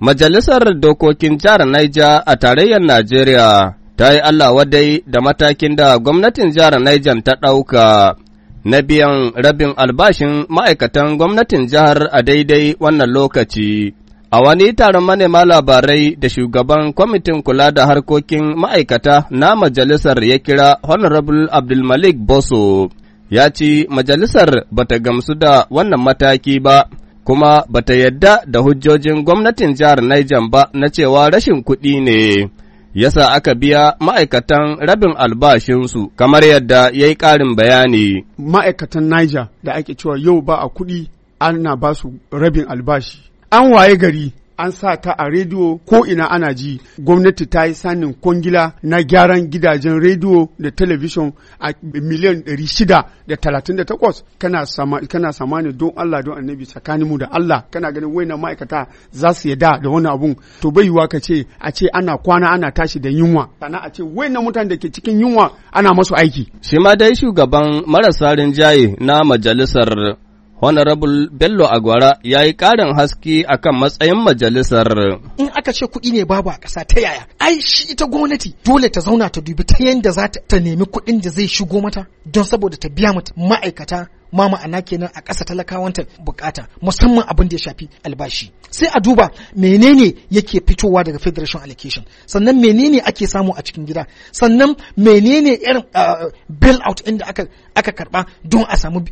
Majalisar Dokokin Jihar Naija a tarayyar Najeriya ta yi Allah wadai da matakin da gwamnatin jihar Niger ta ɗauka na biyan rabin albashin ma'aikatan gwamnatin jihar a daidai wannan lokaci. A wani taron manema labarai da shugaban kwamitin kula da harkokin ma'aikata na majalisar ya kira Honorable Abdulmalik Boso ya ci majalisar bata gamsu da wannan mataki ba. kuma bata yadda da hujjojin gwamnatin jihar Niger ba na cewa rashin kuɗi ne yasa aka biya ma'aikatan rabin albashinsu kamar yadda ya yi ƙarin bayani. Ma'aikatan Niger da ake cewa yau ba a kuɗi ana ba su rabin albashi. An waye gari an sa ta a rediyo ko ina ana ji gwamnati ta yi sanin kwangila na gyaran gidajen rediyo da talabijin a miliyan 638 kana sama kana samani don Allah don annabi tsakanin mu da Allah kana ganin waina ma'aikata za su yada da wani abun to bai yiwa ka ce a ce ana kwana ana tashi da yunwa sana a ce waina mutane da ke cikin yunwa ana masu aiki shi ma dai shugaban marasa rinjaye na majalisar Honorable Bello Agwara ya yi ƙarin haske kan matsayin majalisar. In aka ce kuɗi ne babu a ƙasa ta yaya, ai shi ita gwamnati dole ta zauna ta dubi ta yadda za ta nemi kuɗin da zai shigo mata don saboda ta biya mata, ma'aikata ma ma'ana kenan a ƙasa talakawanta bukata musamman abin da ya shafi albashi sai a duba menene yake fitowa daga federation allocation sannan menene ake samu a cikin gida sannan menene irin ah, bill out inda aka aka karba don a samu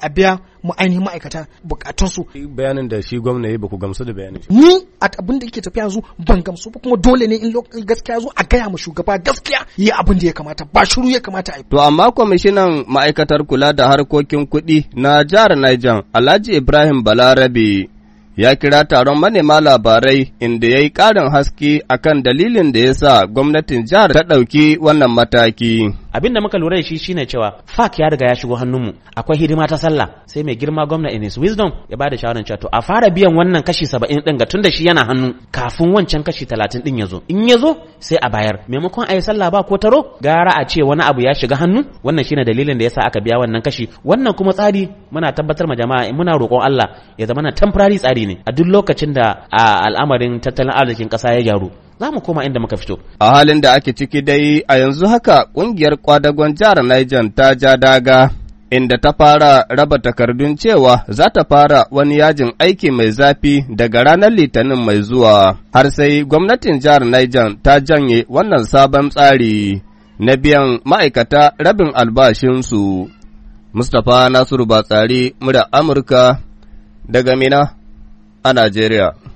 a biya mu ainihin ma'aikata bukatunsu bayanin da shi gwamna ya baku gamsu da bayanin ni a abin da yake tafiya yanzu ban gamsu ba kuma dole ne in gaskiya yanzu a gaya ma shugaba gaskiya yi abin da ya kamata ba shiru ya kamata a yi to amma kwamishinan ma'aikatar kula da harkokin kuɗi na jihar Niger Alhaji Ibrahim Balarabe ya kira taron manema labarai inda ya yi ƙarin haske akan dalilin da ya sa gwamnatin jihar ta ɗauki wannan mataki. abin da muka lura da shi shine cewa fak ya riga ya shigo hannunmu akwai hidima ta sallah sai mai girma gwamna in his wisdom ya bada shawaran cewa to a fara biyan wannan kashi saba'in din ga tunda shi yana hannu kafin wancan kashi talatin din ya zo in ya zo sai a bayar maimakon a yi sallah ba ko taro gara a ce wani abu ya shiga hannu wannan shine dalilin da yasa aka biya wannan kashi wannan kuma tsari muna tabbatar ma jama'a muna roƙon Allah ya zama na temporary tsari ne a duk lokacin da al'amarin tattalin arzikin ƙasa ya gyaru za mu koma inda muka fito. A halin da ake ciki dai a yanzu haka ƙungiyar kwadagon jihar Niger ta ja daga inda ta fara raba takardun cewa za ta fara wani yajin aiki mai zafi daga ranar litinin mai zuwa har sai gwamnatin jihar Niger ta janye wannan sabon tsari na biyan ma'aikata rabin albashinsu. Mustapha Nasiru Batsari, mura Amurka daga Mina a Najeriya.